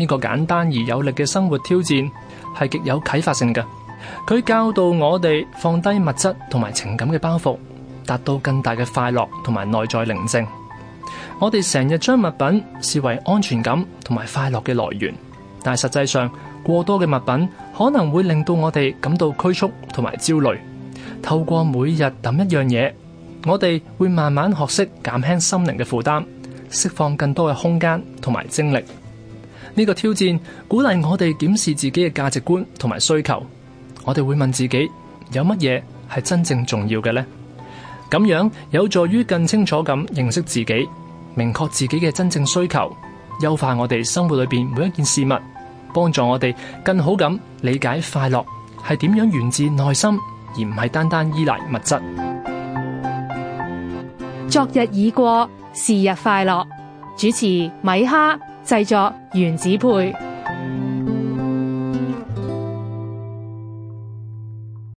呢個簡單而有力嘅生活挑戰係極有啟發性嘅，佢教導我哋放低物質同埋情感嘅包袱，達到更大嘅快樂同埋內在寧靜。我哋成日將物品視為安全感同埋快樂嘅來源，但實際上過多嘅物品可能會令到我哋感到拘束同埋焦慮。透過每日揼一樣嘢，我哋會慢慢學識減輕心靈嘅負擔，釋放更多嘅空間同埋精力。呢個挑戰鼓勵我哋檢視自己嘅價值觀同埋需求，我哋會問自己：「有乜嘢係真正重要嘅呢？」咁樣有助於更清楚咁認識自己，明確自己嘅真正需求，優化我哋生活裏邊每一件事物，幫助我哋更好咁理解快樂係點樣源自內心，而唔係單單依賴物質。昨日已過，是日快樂。主持米哈。製作原子配。